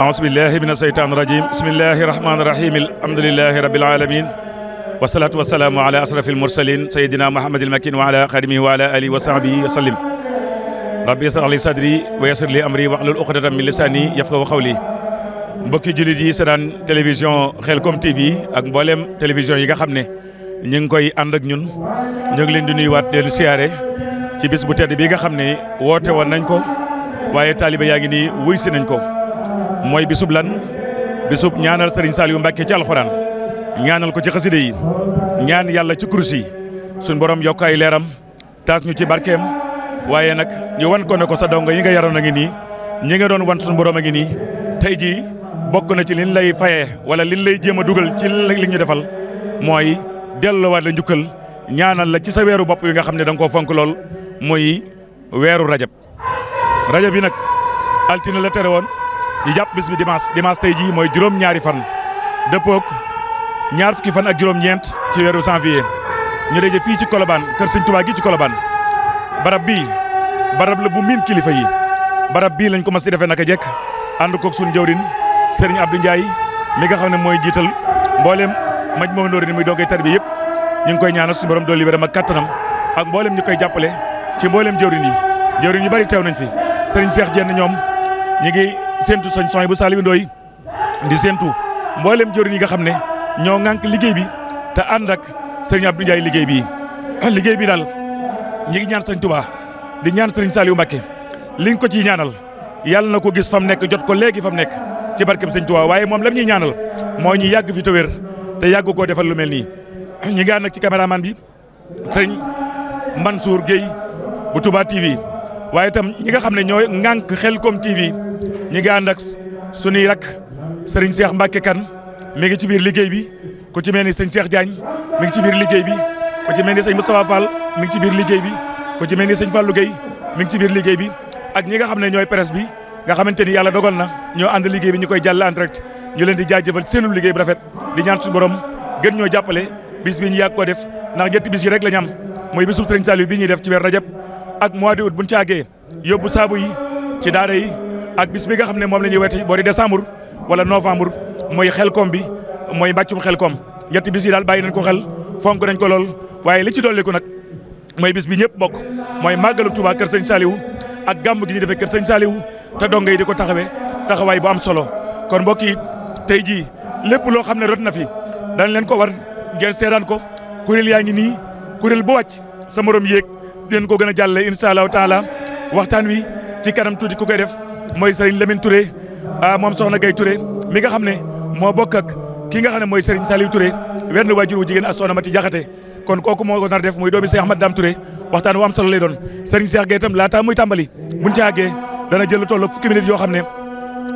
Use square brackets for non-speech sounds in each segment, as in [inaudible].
أعوذ بالله من الشيطان الرجيم بسم الله الرحمن الرحيم الحمد لله رب العالمين والصلاة والسلام على أشرف المرسلين سيدنا محمد المكين وعلى خادمه وعلى آله وصحبه وسلم ربي يسر علي صدري ويسر لي أمري وعلى الأخرى من لساني يفقه قولي مبكي جلدي سران تلفزيون خيلكم تي في أك بولم تلفزيون يغا خمني نين كوي أندق نين نين لين دوني وات دير سياري تي بيس بوتر دي بيغا خمني ووتي ونن كو وايه طالب ياغيني ويسي نن كو mooy bisub lan bisub ñaanal Serigne Saliou Mbacke ci alxuraan ñaanal ko ci xaside yi ñaan yàlla ci kursi suñ borom yokk leeram taas ñu ci barkeem waaye nag ñu wan ko ne ko sa dongo yi nga yaroon a ngi nii ñu nga doon wan suñu borom a ngi nii tey jii bokk na ci liñ lay faye wala liñ lay jéem a dugal ci li ñu defal mooy delluwaat la njukkal ñaanal la ci sa weeru bopp yi nga xam ne da nga koo fonk lool mooy weeru rajab rajab yi nag altine la tere woon ñu jàpp bis bi dimanche dimanche tey jii mooy juróom-ñaari fan dëppook ñaar fukki fan ak juróom-ñeent ci weeru janvier ñu daje fii ci Colobane kër Sëñ Tuubaa gi ci Colobane barab bii barab la bu miin kilifa yi barab bii lañ ko mas si defee naka jekk ànd koog suñu jawrin sëriñ Abdou Ndiaye mi nga xam ne mooy jiital mboolem maj moo ndóori ni muy doogay tar bi yëpp ñu ngi koy ñaanal suñu borom doole wéram ma kattanam ak mboolem ñu koy jàppale ci mboolem jawrin yi jawrin yu bari teew nañ fi sëriñ Cheikh Dieng ñoom séntu soñ soñ bu Saliou Ndoye di séntu mboolem jëriñ ñi nga xam ne ñoo ŋànk liggéey bi te ànd ak sëriñ Abdou liggéey bi [coughs] liggéey bi daal ñi ngi ñaan sëriñ Touba di ñaan sëriñ Saliou Mbacké liñ ko ciy ñaanal yàlla na ko gis fam nekk jot ko léegi mu nekk ci barkeb sëriñ Touba waaye moom lam ñuy ñaanal moo ñu yàgg fi te wér te yàgg koo defal lu mel nii [coughs] ñi ngi ànd ci caméraman bi sëriñ Mansour Gueye bu Touba TV waaye itam ñi nga ñi ngi ànd su suñuy rak sëriñ Cheikh Mbacke Kane mi ngi ci biir liggéey bi ku ci mel ni sëñ Cheikh Diagne mi ngi ci biir liggéey bi ku ci mel ni sëñ Moustapha Fall mi ngi ci biir liggéey bi ku ci mel ni sëñ mi ngi ci biir liggéey bi ak ñi nga xam ne ñooy presse bi nga xamante ni yàlla dogal na ñoo ànd liggéey bi ñu koy jàll en ñu leen di jaajëfal seenu liggéey bu rafet di ñaan suñu borom gën ñoo jàppale bis bi ñu yàgg koo def ndax ñetti bis yi rek la ñu am mooy bisub sëriñ Saliou bi ñuy def ci weer rajab ak mois de août buñ ci àggee yóbbu saabu yi ci daara yi ak bis bi nga xamne mom lañu wété ñuy décembre wala novembre mooy xelkom bi mooy mbàccum xelkom ñet bis yi dal bayi nañ ko xel fonk nañ ko lol waye li ci ko nak moy bis bi ñepp bok moy màggalu Touba kër sëñ saliw ak gamu gi ñu defee kër sëñ saliw ta donga yi di bu am solo kon mbokk yi tey jii lépp loo rot na fi dañ leen ko war ngeen kuri ko kuréel yaangi ni nii bu wacc sa morom yek den ko gëna jallé inshallah taala waxtan wi ci karam tuuti ku koy def mooy Serigne Lamine Touré ah, moom soxna gay Touré mi nga xam ne moo bokk ak ki nga xam ne mooy Serigne Saliou Touré wenn waajur wu jigéen ak soxna Mati Jaxate kon kooku moo ko nar def muy doomi Cheikh Ahmad Dame Touré waxtaan wu am solo lay doon Serigne Cheikh Gueye itam laata muy tàmbali buñ ci àggee dana jël lu toll fukki yoo xam ne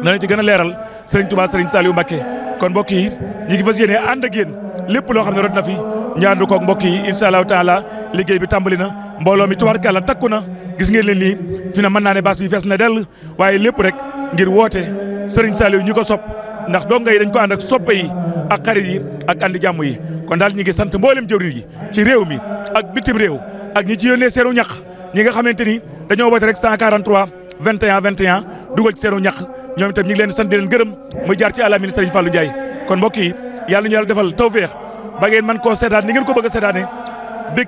dana ci gën a leeral Serigne Touba Serigne Saliou Mbacké kon mbokk yi ñu ngi a yéene ànd ak lépp loo xam ne rot na fi ñu ànd koog mbokk yi incha allahu taala liggéey bi tàmbali na mbooloo mi tubaarkàlla takku na gis ngeen leen lii fi na mën naa ne baas bi fees na dell waaye lépp rek ngir woote Serigne Saliou ñu ko sopp ndax donga yi dañ ko ànd ak soppe yi ak xarit yi ak andi jàmm yi kon daal ñu ngi sant mboolem jëwriñ yi ci réew mi ak bitim réew ak ñii ci yónnee seenu ñax ñi nga xamante ni dañoo woote rek 143 21 21 dugal ci seenu ñax ñoom itam ñu ngi leen sant di leen gërëm muy jaar ci àlla ministre Serigne Fallou Ndiaye kon yi yàlla ñu defal tawfeex ba ngeen mën koo seetaan ni ngeen ko bëgg a seetaanee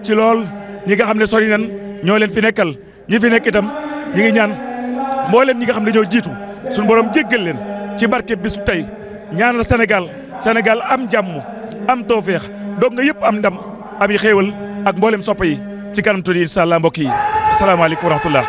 ci lool ñi nga xam ne sori nan ñoo leen fi nekkal ñi fi nekk itam ñi ngi ñaan mboolem ñi nga xam ne dañoo jiitu suñ boroom jéggal leen ci barke bisu tey ñaanal Sénégal Sénégal am jàmm am toofeex doog nga yëpp am ndam am yi xéewal ak mboolem sopp yi ci kanam tuuti incha allah mbokk yi asalaamaaleykum wa rahmatullah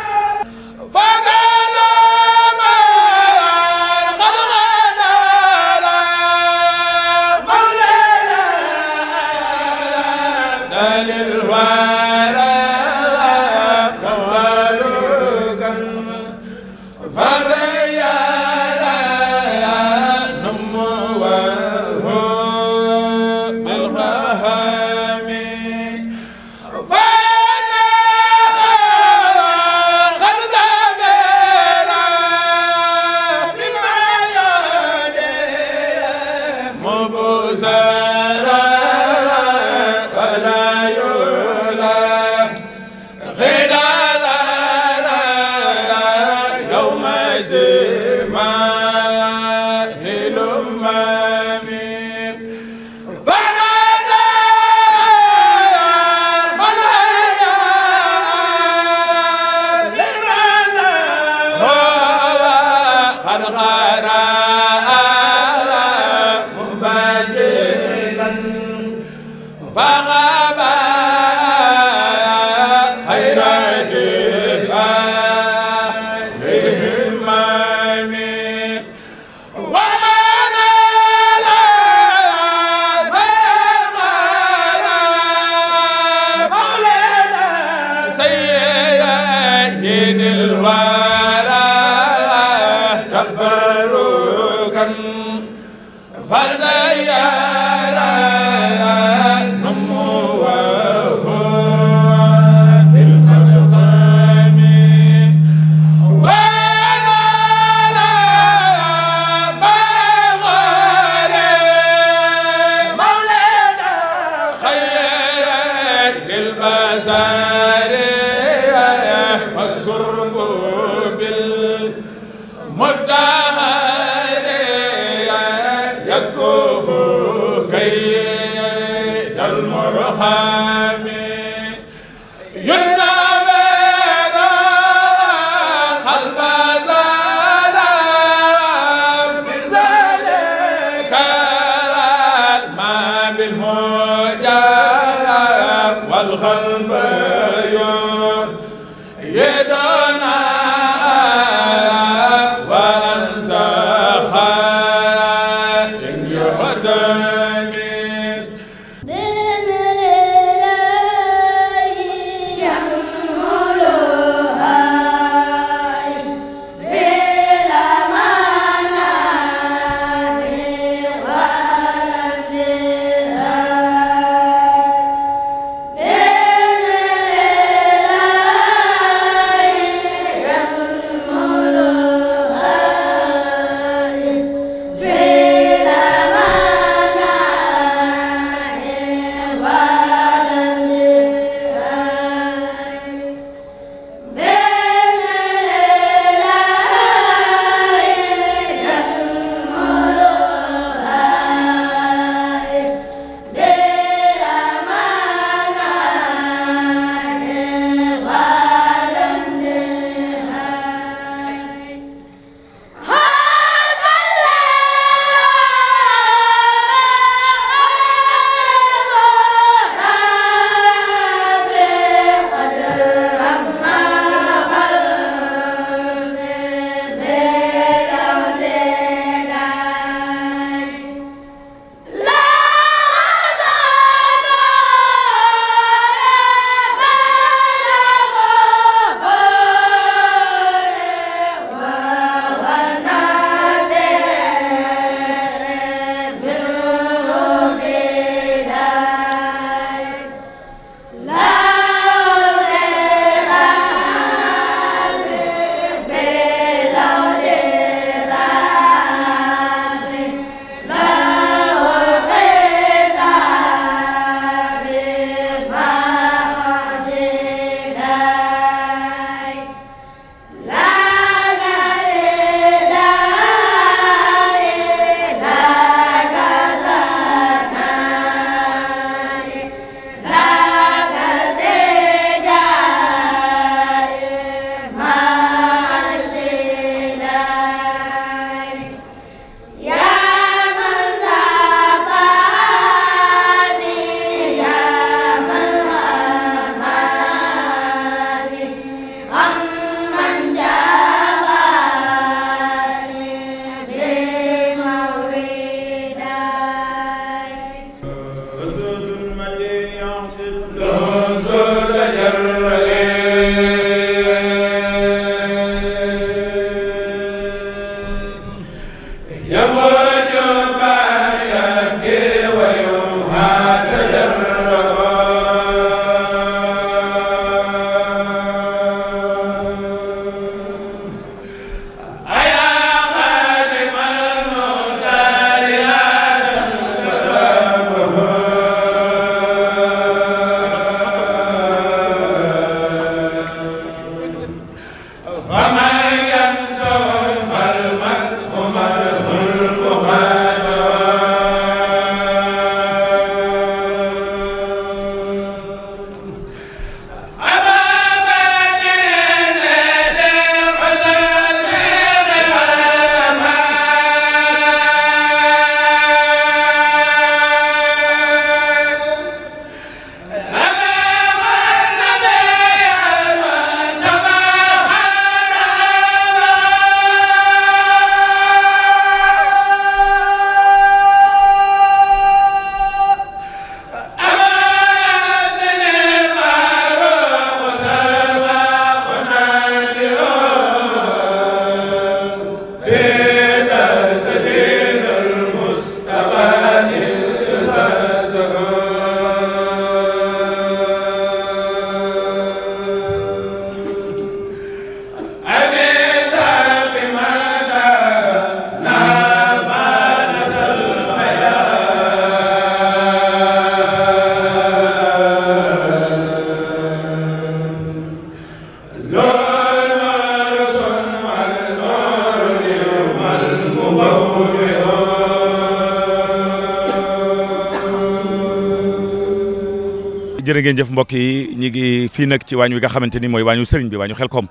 jëf mbokk yi ñu fii nag ci waañ wi nga xamante ni mooy waañu sëriñ bi waañu xelkom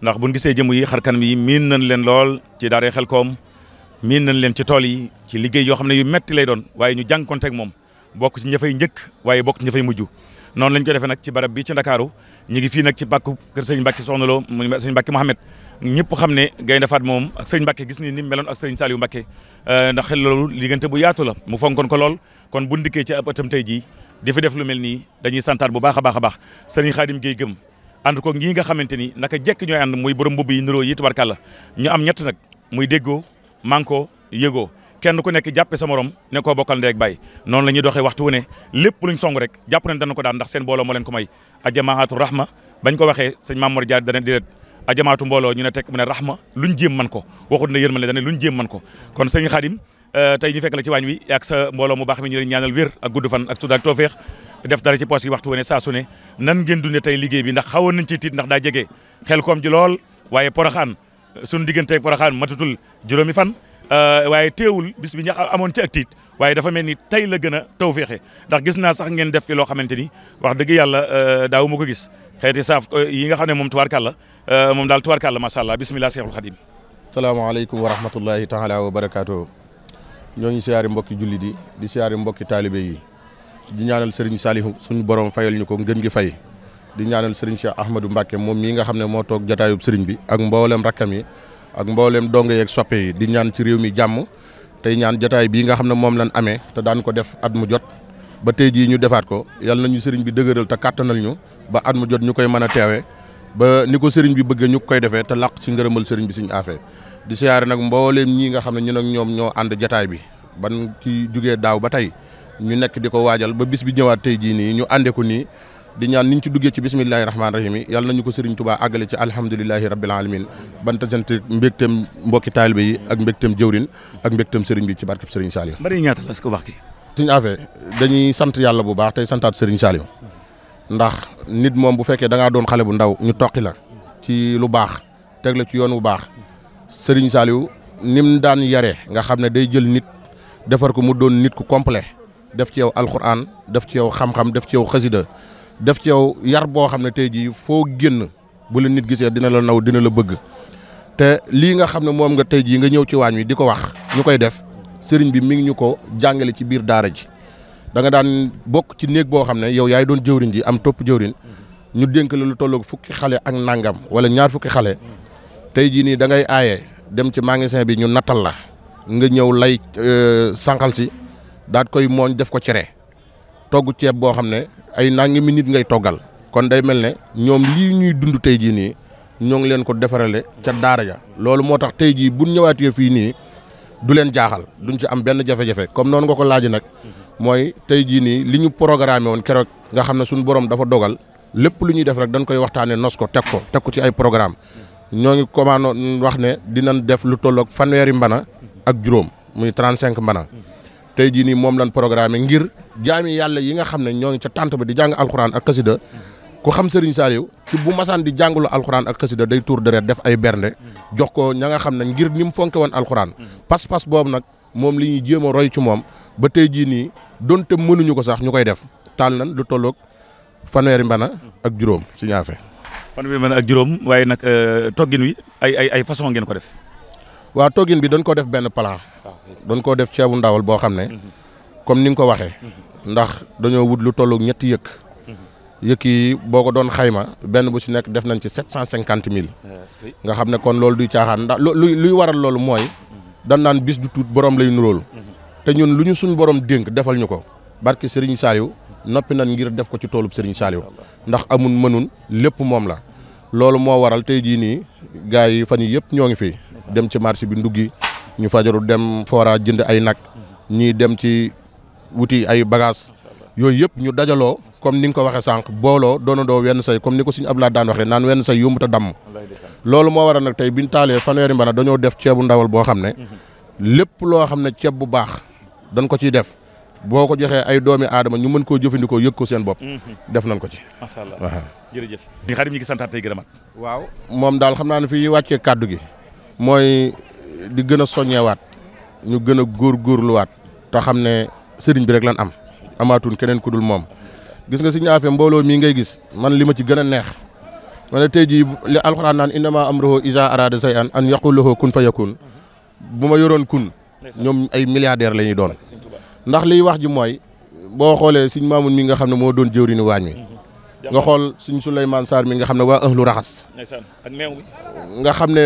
ndax buñ gisee jëmm yi xar kanam yi miin nañ leen lool ci daaree xelkom miin nañ leen ci tool yi ci liggéey yoo xam ne yu metti lay doon waaye ñu jànkonte ak moom bokk ci ña njëkk waaye bokk ci ña fay mujj noonu lañ ko defe nag ci barab bi ci ndakaaru ñu ngi fii nag ci bàkku kër sëñ Mbàkke Soxna Lo mu sëñ Mbàkke Mohamed ñëpp xam ne Gaynde faat moom ak sëñ Mbàkke gis ni ni meloon ak sëñ Saliou Mbàkke ndax loolu liggante bu yaatu la mu fonkoon ko lool kon bu ndikkee ci ab di fi def lu mel nii dañuy santaat bu baax a baax a baax sëriñ Xaadim Géey gëm ànd ko ñii nga xamante ni naka jekk ñooy ànd muy borom mbubb yi niroo yi tubarkàlla ñu am ñett nag muy déggoo manko yëgoo kenn ku nekk jàppe sa morom ne koo bokkal ndeeg noonu la ñuy doxee waxtu wu ne lépp luñ song rek jàpp nañ dana ko daan ndax seen booloo moo leen ko may a rahma bañ ko waxee sëñ Mamour Diar dana diret ajamaatu mbooloo ñu ne tekk mu ne rahma luñ jéem man ko waxut na yërmale dana luñ jéem man ko Euh, tey ñu fekk la ci waañ wi ak sa mbooloo mu baax mi ñu leen ñaanal wér ak gudd fan ak sudaak toofeex def dara ci poos yi waxtu wane saa su ne nan ngeen dundee tey liggéey bi ndax xawoon nañ ci tiit ndax daa jege xel koom ji lool waaye poroxaan suñu diggante poroxaan matatul juróomi fan euh, waaye teewul bis bi ña amoon ci ak tiit waaye dafa mel ni tey la gën a tawféexe ndax gis naa sax ngeen def fi loo xamante ni wax dëgg yàlla euh, daawu ma ko gis xeeti saaf yi nga xam ne moom tubaarkàlla moom daal tubaarkàlla macha allah bisimilah seexul xadim salaamaaleykum wa rahmatullahi taala wa barakaatu ñoo ngi siyaare mbokki jullit di, di siyaare mbokki taalibe yi di ñaanal sëriñ Saliou suñu borom fayal ñu ko gi fay di ñaanal sëriñ Cheikh Ahmadou Mbacke moom mii nga xam ne moo toog jataayub bi ak mboolem rakkam yi ak mboolem donge yeeg soppe yi di ñaan ci réew mi jàmm tay ñaan jataay bi nga xam ne moom lañ amee te daan ko def at mu jot ba tey jii ñu defaat ko yàlla nañu bi dëgëral te kàttanal ñu ba at mu jot ñu koy mën ba ni ko bi bëgg nyukai koy defee te làq ci ngërëmal bi sing affaire di siyaare nag mbooleem ñii nga xam ne ñu nag ñoom ñoo ànd jataay bi ban ci jugee daaw ba tey ñu nekk di ko waajal ba bis bi ñëwaat tey jii nii ñu àndee ko nii di ñaan niñ ci duggee ci bismillahi rahmaani rahim yi ko sëriñ tubaa àggale ci alhamdulilahi rabbil alamin ban mbokki taalibe yi ak mbégteem jëwrin ak mbégteem sëriñ bi ci barkeb sëriñ Saliou bari ñaata la ko wax ki suñu dañuy sant yàlla bu baax tey santaat sëriñ ndax nit moom bu fekkee da doon xale bu ndaw ñu toqi la ci lu baax teg la ci yoon wu baax Serigne ni mu daan yare nga xam ne day jël nit defar ko mu doon nit ku complet def ci yow alxuraan def ci yow xam-xam def ci yow xasida def ci yow yar boo xam ne tey jii foo génn bu la nit gisee dina la naw dina la bëgg te lii nga xam ne moom nga tey jii nga ñëw ci waañ wi di ko wax ñu koy def sëriñ bi mi ngi ñu ko jàngale ci biir daara ji da nga daan bokk ci néeg boo xam ne yow yaay doon jëwriñ ji am topp jëwriñ ñu dénk la lu tolloog fukki xale ak nangam wala ñaar fukki xale tay ji ni da ngay ayé dem ci magasin bi ñu natal la nga ñew lay euh, sankal ci daat koy moñ def ko cere togg ci bo xamné ay nangi minute ngay togal, kon day mel ne li ñuy dund tay ji ni ñong leen ko défaralé ca daara ja loolu motax tay ji bu buñ ñëwaatee fii du leen jaaxal duñ ci am benn jafe-jafe comme non nga ko laaj nak moy tay ji ni li ñu programmé won kérok nga xamné suñu borom dafa dogal lepp luñuy def rek dañ koy waxtaanee nosko tekko tekku ci ay programme ñoo ngi commandé wax ne dinañ def lu tolloog fanweeri mbana ak juróom muy trente cinq mbana tey jii nii moom lañ programmé ngir jaami yàlla yi nga xam ne ñoo ngi ca tànt ba di jàng alxuraan ak xasida ku xam Serigne Saliou ci bu masaan di jàngalu alxuraan ak xasida day tour deret def ay bernde jox ko ña nga xam ne ngir ni mu fonke woon alxuraan pas-pas boobu nag moom li ñuy jéem a roy ci moom ba tey jii nii donte mënuñu ko sax ñu koy def taal nan lu tolloog fanweeri mbana ak juróom si fanweeri mën ak juróom waaye nag euh, toggin bi ay ay façon ngeen ko def. waaw toggin bi dañ ko def benn plat. doon koo def ceebu ndawal boo xam ne. comme ni nga ko waxee. ndax dañoo wut lu tollu ñetti yëkk. yëkk yi boo ko doon xayma benn bu ci nekk def nañ ci sept cent cinquante mille. nga xam ne kon loolu duy caaxaan ndax luy luy waral loolu mooy. dan naan bis du tuut boroom lay nuróol. te ñun lu ñu suñ boroom dénk defal ñu ko barki Serigne Saliou noppi nan ngir def ko ci toolu toolub Serigne Saliou ndax amun mënun lépp moom la loolu moo waral tey jii nii gars yi fan yi yëpp ñoo ngi fi dem ci marché bi nduggi ñu fajaru dem foora jënd ay nag ñii dem ci wuti ay bagage yooyu yëpp ñu dajaloo comme ni nga ko waxee sànq booloo doona doo wenn say comme ni ko ab laa daan waxee naan wenn say yombut a damm loolu moo waral nag tey biñ taalee fanweeri mbana dañoo def ceebu ndawal boo xam ne lépp loo xam ne ceeb bu baax dañ ko ciy def boo ko joxee ay doomi aadama ñu mën koo jëfandikoo yëg ko seen bopp. Mhm. def nañ ko ci. macha allah waaw jërëjëf. ñu xarit ñu ngi santaat tey gërëmaat. waaw moom daal xam naa ne fii wàccee kàddu gi. mooy di gën a soññewaat ñu gën a góorluwaat te xam ne sëriñ bi rek lan am amaatun keneen ku dul moom gis nga si affaire mbooloo mi ngay gis man li ma ci gën a neex ma ne tey jii li alxuraan naan innama amruhu iza arada shay'an an yaqul lahu kun fayakun bu ma yoroon kun ñoom ay milliardaire la ñuy doon ndax liy wax ji mooy boo xoolee suñ maamun mi nga xam ne moo doon jëwriñu waañ wi nga xool suñ Souleymane Sarr mi nga xam ne waa ahlu raxas nga xam ne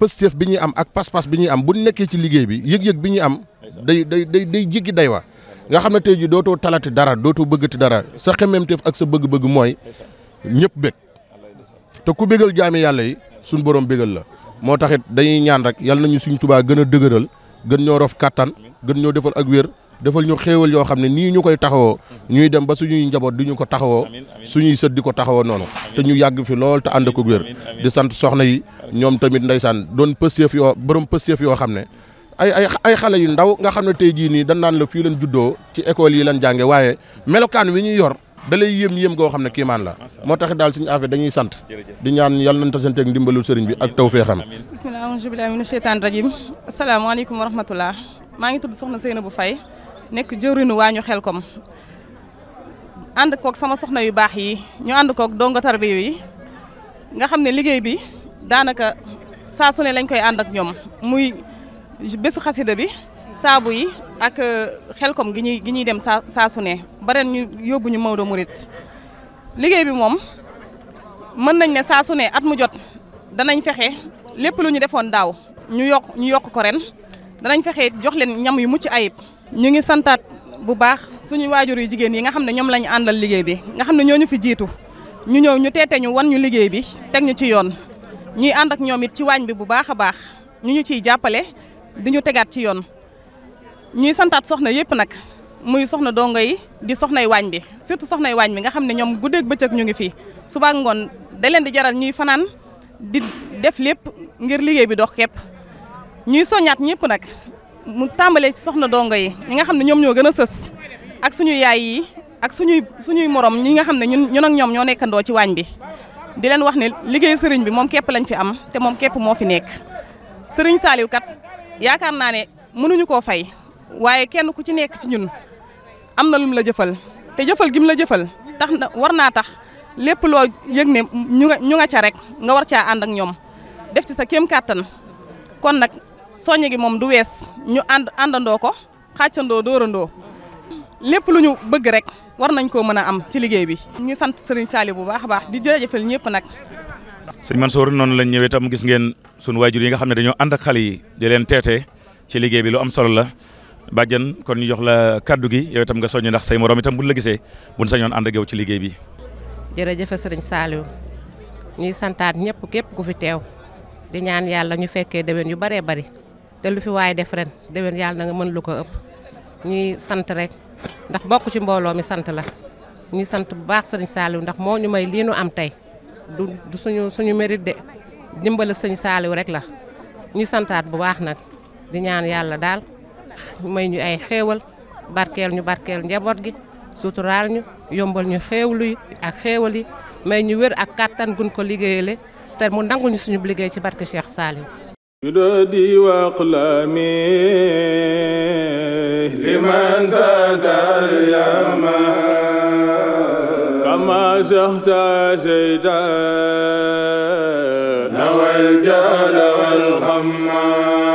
pëstef bi ñuy am ak pas-pas bi ñuy am bu nekkee ci liggéey bi yëg-yëg bi ñuy am day day day day jéggi day wa nga xam ne tey ji dootoo talati dara dootoo ti dara sa xemmeemteef ak sa bëgg-bëgg mooy ñëpp bég te ku bégal jaami yàlla yi suñ borom bégal la moo taxit dañuy ñaan rek yàlla nañu suñ tubaa gën a dëgëral gën ñoo kàttan gën ñoo defal ak wér defal ñu xéewal yoo xam ne nii ñu koy taxawoo mm-hmm. ñuy dem ba suñuy njaboot di ñu ko taxawoo suñuy sët di ko taxawoo noonu te ñu yàgg fi lool te ànd ko wér di sant soxna yi ñoom tamit ndeysaan doon pësteef yoo borom pësteef yoo xam ne ay ay ay xale yu ndaw nga xam ne tey jii nii dañ naan la fii leen juddoo ci école yi leen jànge waaye melokaan wi ñuy yor da lay yéem yéem goo xam ne kiimaan la moo tax daal suñu affaire dañuy sant di ñaan yàlla nañ tasanteeg ndimbalu sëriñ bi ak tawfeexam bismillah auzu billahi mina sheytaani rajim asalaamaaleykum wa rahmatullah maa ngi tudd soxna Seynabou Faye nekk jëwriñu waañu xel Xelkom ànd kook sama soxna yu baax yi ñu ànd koog dongo tarbiyu yi nga xam ne liggéey bi daanaka saa su lañ koy ànd ak ñoom muy bésu xasida bi saabu yi ak euh, xel gi ñuy gi ñuy dem saa saa su ne ba ren ñu yóbbu ñu Maodo liggéey bi moom mën nañ ne saa ne at mu jot danañ fexe lépp lu ñu defoon daaw ñu yokk ñu yokk ko ren danañ fexe jox leen ñam yi mucc ayib ñu ngi santaat bu baax suñu waajur yi jigéen yi nga xam ne ñoom lañu àndal liggéey bi nga xam ne ñoo ñu fi jiitu ñu ñëw ñu teete ñu wan ñu liggéey bi teg ñu ci yoon ñuy ànd ak ñoom it ci waañ bi bu baax a baax ñu ñu ciy jàppale di ñu tegaat ci yoon ñuy santaat soxna yëpp nag muy soxna dongo yi di soxnay waañ bi surtout soxnay waañ bi nga xam ne ñoom guddeeg bëccëg ñu ngi fi suba ak ngoon da leen di jaral ñuy fanaan di def lépp ngir liggéey bi dox képp ñuy soññaat ñëpp nag mu tàmbalee ci soxna dongo yi ñi nga xam ne ñoom ñoo gën a sës ak suñu yaay yi ak suñuy suñuy morom ñi nga xam ne ñun ñun ak ñoom ñoo nekkandoo ci waañ bi di leen wax ne liggéey sëriñ bi moom képp lañ fi am te moom képp moo fi nekk sëriñ Saliou kat yaakaar naa ne mënuñu koo fay waaye kenn ku ci nekk ci ñun am na lum la jëfal te jëfal gim la jëfal tax na war naa tax lépp loo yëg ne ñu nga ñu nga ca rek nga war caa ànd ak ñoom def ci sa kem kàttan kon nag soññe gi moom du wees ñu ànd àndandoo ko xàccandoo dóorandoo lépp lu ñu bëgg rek war nañ koo mën a am ci liggéey bi. ñu sant Serigne Saliou bu baax a baax di jërëjëfal ñëpp nag. sëñ Mansour noonu lañ ñëwee tam gis ngeen sunu waajur yi nga xam ne dañoo ànd ak yi di leen teete ci liggéey bi lu am solo la. Bàjjan kon ñu jox la kaddu gi yow itam nga soññi ndax say morom itam buñ la gisee buñ sañoon ànd ak yow ci liggéey bi. sëriñ Saliou ñuy santaat ñëpp képp ku fi teew di ñaan yàlla ñu fekkee déwén yu baree bari te lu fi waaye def ren déwén yàlla na nga mën lu ko ëpp ñuy sant rek ndax bokk ci mbooloo mi sant la ñuy sant bu baax sëñ Saliou ndax moo ñu may lii nu am tey du suñu suñu mérite de dimbala sëñ saaliw rek la ñuy santaat bu baax nag di ñaan yàlla daal may ñu ay xéewal barkeel ñu barkeel njaboot gi suturaal ñu yombal ñu xéewlu yi ak xéewal yi may ñu wér ak kàttan gun ko liggéeyale te mu nanguñu suñu liggéey ci barke Cheikh saaliw بدودي وأقلامي لمن زاز اليمن كما زهزا زيدا نوى الجال والخمام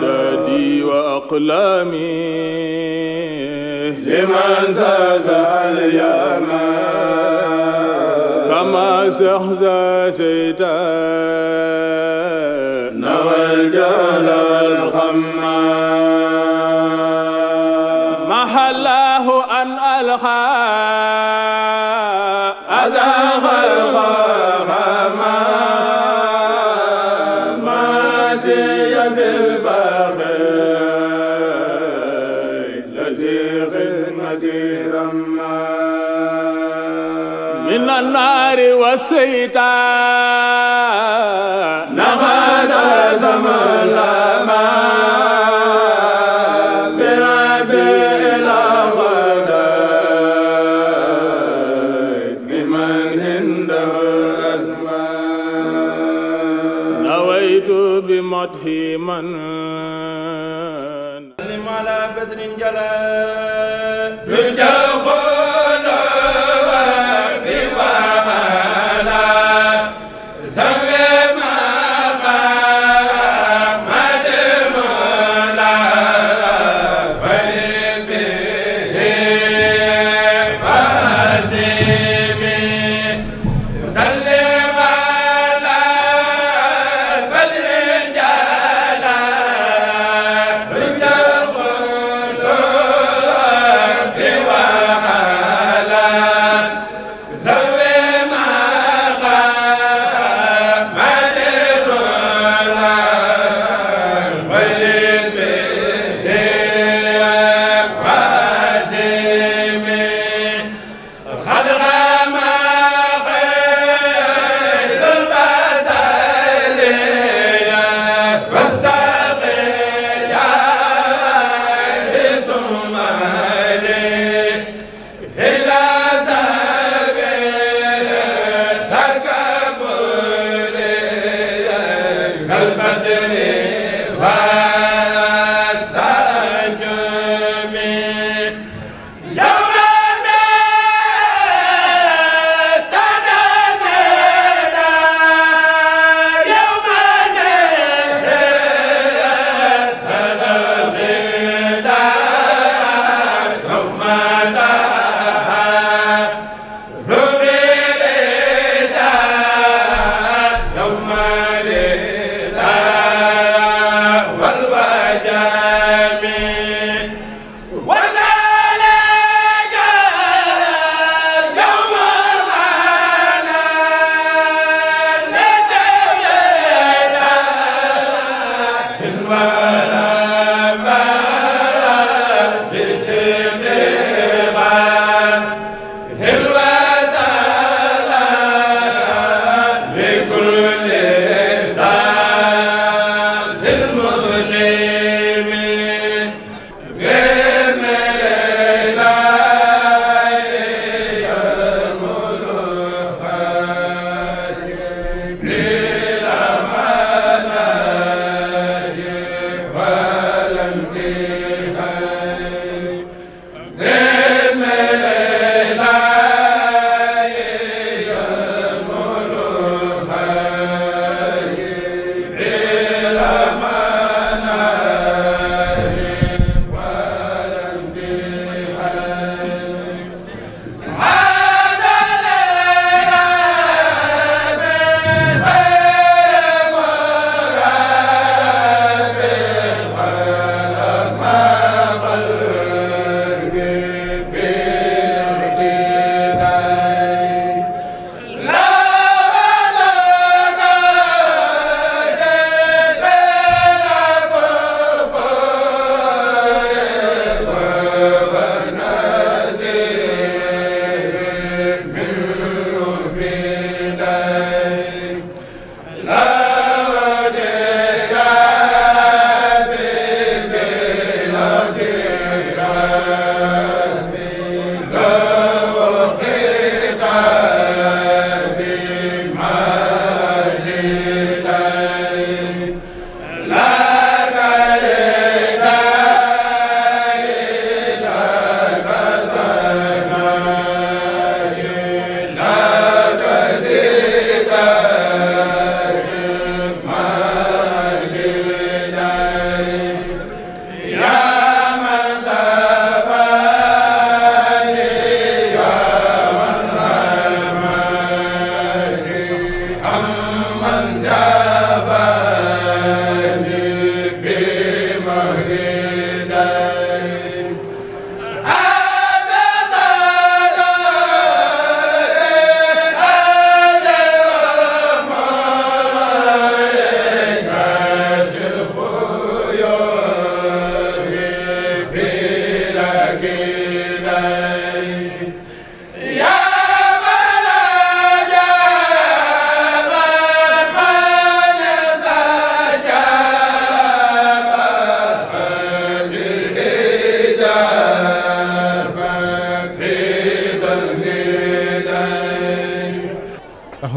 بدودي وأقلامي لمن زاز اليمن كما زهزا شيدا من النار والسيطان نهانا زملا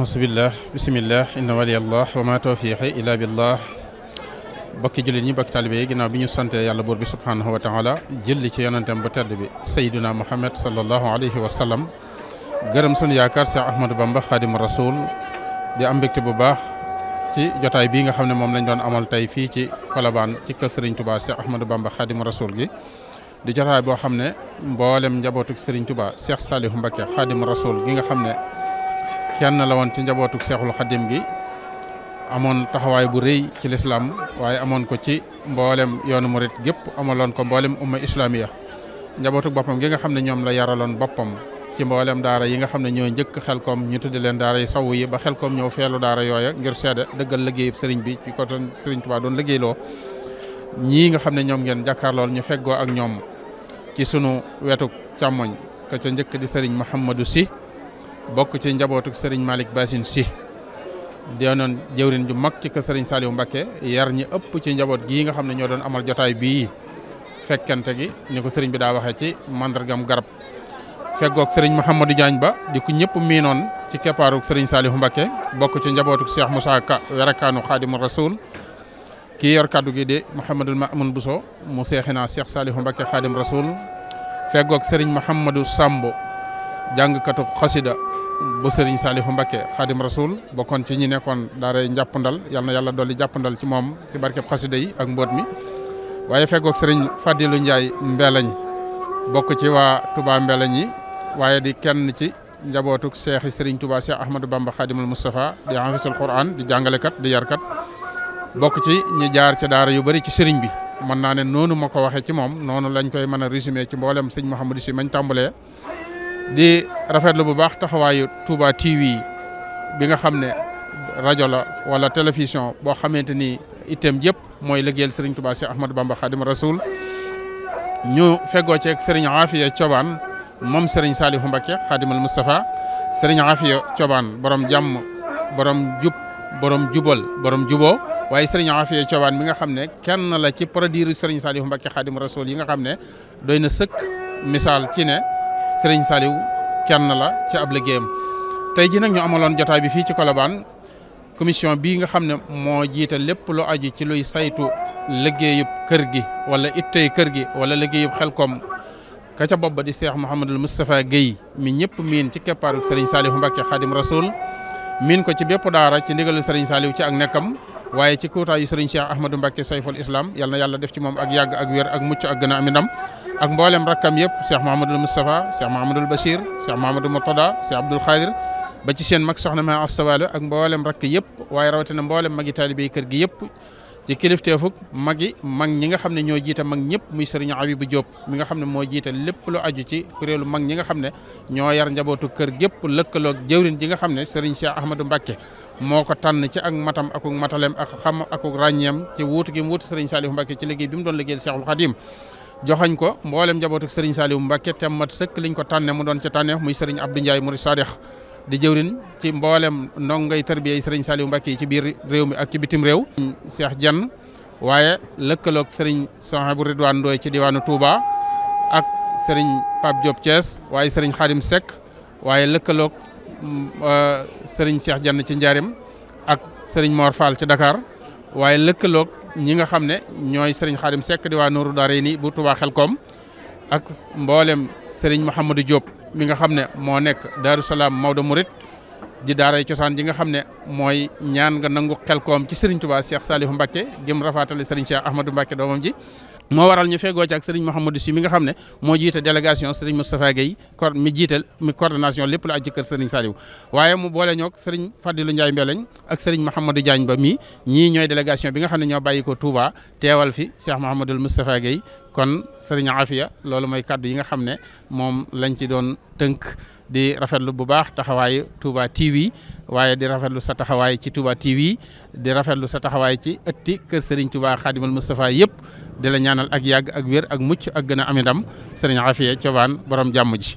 auzu billah bismillah inna waliyallah wa ma tawfiqi illa billah bokki jullit ñi bokki talibe yi ginnaaw bi ñu sante yàlla buur bi subhanahu wa taala jëlli ci yonentem bu tedd bi sayyidina muhammad sallallahu alayhi wa sallam gërëm sunu yaakaar Cheikh Ahmadou Bamba xaadimu rasul di am mbégte bu baax ci jotaay bii nga xam ne moom lañ doon amal tey fii ci Colobane ci kër Serigne Touba Cheikh Ahmadou Bamba xaadimu rasul gi di jotaay boo xam ne mboolem njabootuk Serigne Touba Cheikh Saliou Mbacké xaadimu rasul gi nga xam ne kenn la woon ci njabootuk seexul xadim gi amoon taxawaay bu rëy ci lislaam waaye amoon ko ci mboolem yoonu murit gépp amaloon ko mboolem islaam ya njabootuk boppam gi nga xam ne ñoom la yaraloon boppam ci mboolem daara yi nga xam ne ñoo njëkk koom ñu tuddi leen daara yi saw yi ba xel xelkoom ñëw feelu daara yooya ngir seede dëggal liggéeyub sëriñ bi ci ko doon sëriñ Tuubaa doon liggéeyloo ñii nga xam ne ñoom ngeen jàkkaarlool ñu feggoo ak ñoom ci sunu wetuk càmmoñ ka bok ci njabootuk sëriñ Malik Bassine de non jëwrin ju mak ci ke serigne Saliou mbake yar ñi ëpp ci njabot gi nga xamne ñoo doon amal jotaay bi fekkante gi ni ko sëriñ bi da waxe ci mandargam garab feggoog serigne mohammed Diagne ba di ku mi non ci keppaaruk serigne Saliou mbake bok ci njabootuk Cheikh Moussa Ka werakaanu Xaadimu Rasul ki yor kaddu gi di Mouhamadul Mamoun Bousso mu seexinaa Cheikh Saliou mbake khadim Rasul feggoog serigne mohammed Sambo jàngkatu khasida bu Serigne Saliou Mbacké Khadim Rasoul bokkoon ci ñi nekkoon daaray njàppandal yal na yàlla dolli jàppandal ci moom ci barkeb xasida yi ak mbóot mi waaye feggoog Serigne Fadilou Ndiaye Mbelañ bokk ci waa tubaa Mbelañ yi waaye di kenn ci njabootuk seexi Serigne Touba Cheikh Ahmadou Bamba Khadimul Moustapha di hafisul Quran di jàngalekat di yarkat bokk ci ñi jaar ci daara yu bari ci Serigne bi mën naa ne noonu ma ko waxee ci moom noonu lañ koy mën a résumé ci mboolem sëñ Mouhamadou si mañ tàmbalee di rafetlu bu baax taxawaayu Touba TV bi nga xam ne rajo la wala télévision boo xamante ni itam yëpp mooy liggéeyal Serigne Touba si Ahmadou Bamba Khadim Rasoul ñu feggoo ceeg Serigne Afia Thioban moom Serigne Saliou Mbacké Khadimal Moustapha Serigne Afia Thioban borom jàmm borom jub borom jubal borom juboo waaye Serigne Afia Thioban mi nga xam ne kenn la ci produire Serigne Saliou Mbacké Khadim Rasoul yi nga xam ne doy na sëkk misaal ci ne. sëriñ Saliou kenn la ci ab liggéeyam tey ji nag ñu amaloon jotaay bi fii ci Colobane commission bii nga xam ne moo jiite lépp lu aju ci luy saytu liggéeyub kër gi wala ittey kër gi wala liggéeyub Xelkom ka ca bopp ba di Cheikh Mouhamadul Moustapha Guèye mi ñëpp miin ci keppaaru sëriñ Saliou Mbacke Khadim Rasoul miin ko ci bépp daara ci ndigalu sëriñ Saliou ci ak nekkam waaye ci kuutaayu sëriñ Cheikh Ahmadou Mbacke Sayful Islam yal na yàlla def ci moom ak yàgg ak wér ak mucc ak gën a am ndam ak mboolem rakkam yëpp Cheikh Mouhamadul Moustapha Cheikh Mouhamadul Bachir Cheikh Mouhamadul Murtada Cheikh Abdoul Khadir ba ci seen mag soxna ma Astawaalo ak mboolem rakk yëpp waaye rawatina mboolem magi taalibe kër gi yëpp ci kilifteefuk magi mag ñi nga xam ne ñoo jiite mag ñëpp muy sëriñ Abibu Diop mi nga xam ne moo jiite lépp lu aju ci kuréelu mag ñi nga xam ne ñoo yar njabootu kër gépp lëkkaloog jëwrin ji nga xam ne sëriñ Cheikh Ahmadou Mbacke moo ko tànn ci ak matam akuk matalem ak xam akuk ràññeem ci wuutu gi mu wuutu Serigne Saliou Mbacké ci liggéey bi mu doon liggéeyal Cheikhul Khadim joxañ ko mboolem njabootu Serigne Saliou Mbacké te mat sëkk liñ ko tànne mu doon ca tànneef muy Serigne Abdou Ndiaye Mouride Sadikh di jëwrin ci mboolem ndongay tarbiya Serigne Saliou Mbacké ci biir réew ak ci bitim réew Cheikh Dieng waaye lëkkaloog Serigne Sohaibou Ridwane Ndoye ci diwaanu Touba ak Serigne Pape Diop Thiès waaye Serigne Khadim Seck waaye lëkkaloog sëriñ Cheikh Diagne ci Njaareem ak sëriñ Mor Fall ci Dakar waaye lëkkaloog ñi nga xam ne ñooy sëriñ Xaadim sekk di waa Nooru Daarayni bu Touba koom ak mboolem sëriñ Mouhamadou Diop mi nga xam ne moo nekk Darou Salaam Maodo Mouride di daaray cosaan ji nga xam ne mooy ñaan nga nangu Xelkom ci sëriñ tubaa Cheikh Salihou Mbacké jëm rafaatale sëriñ Cheikh Ahmadou Mbacké doomam ji. moo waral ñu feggoo ci ak Serigne Mouhamadou Sy mi nga xam ne moo jiite délégation Serigne Moustapha Guèye cor mi jiital mi coordination lépp lu aju ci kër Serigne Saliou waaye mu boole ñoog Serigne Fadilou Ndiaye lañ ak sëriñ Mouhamadou Diagne ba mii ñii ñooy délégation bi nga xam ne ñoo bàyyi ko Touba teewal fi Cheikh Mouhamadoul Moustapha Guèye kon Serigne Afia loolu mooy kaddu yi nga xam ne moom lañ ci doon tënk di rafet lu bu baax taxawaayu Touba TV. waaye di rafetlu sa taxawaay ci Touba TV di rafetlu sa taxawaay ci ëtti kër Serigne Touba Xaadimal Moustapha yëpp di la ñaanal ak yàgg ak wér ak mucc ak gën a am ndam cobaan Afia Thioban borom jàmm ji.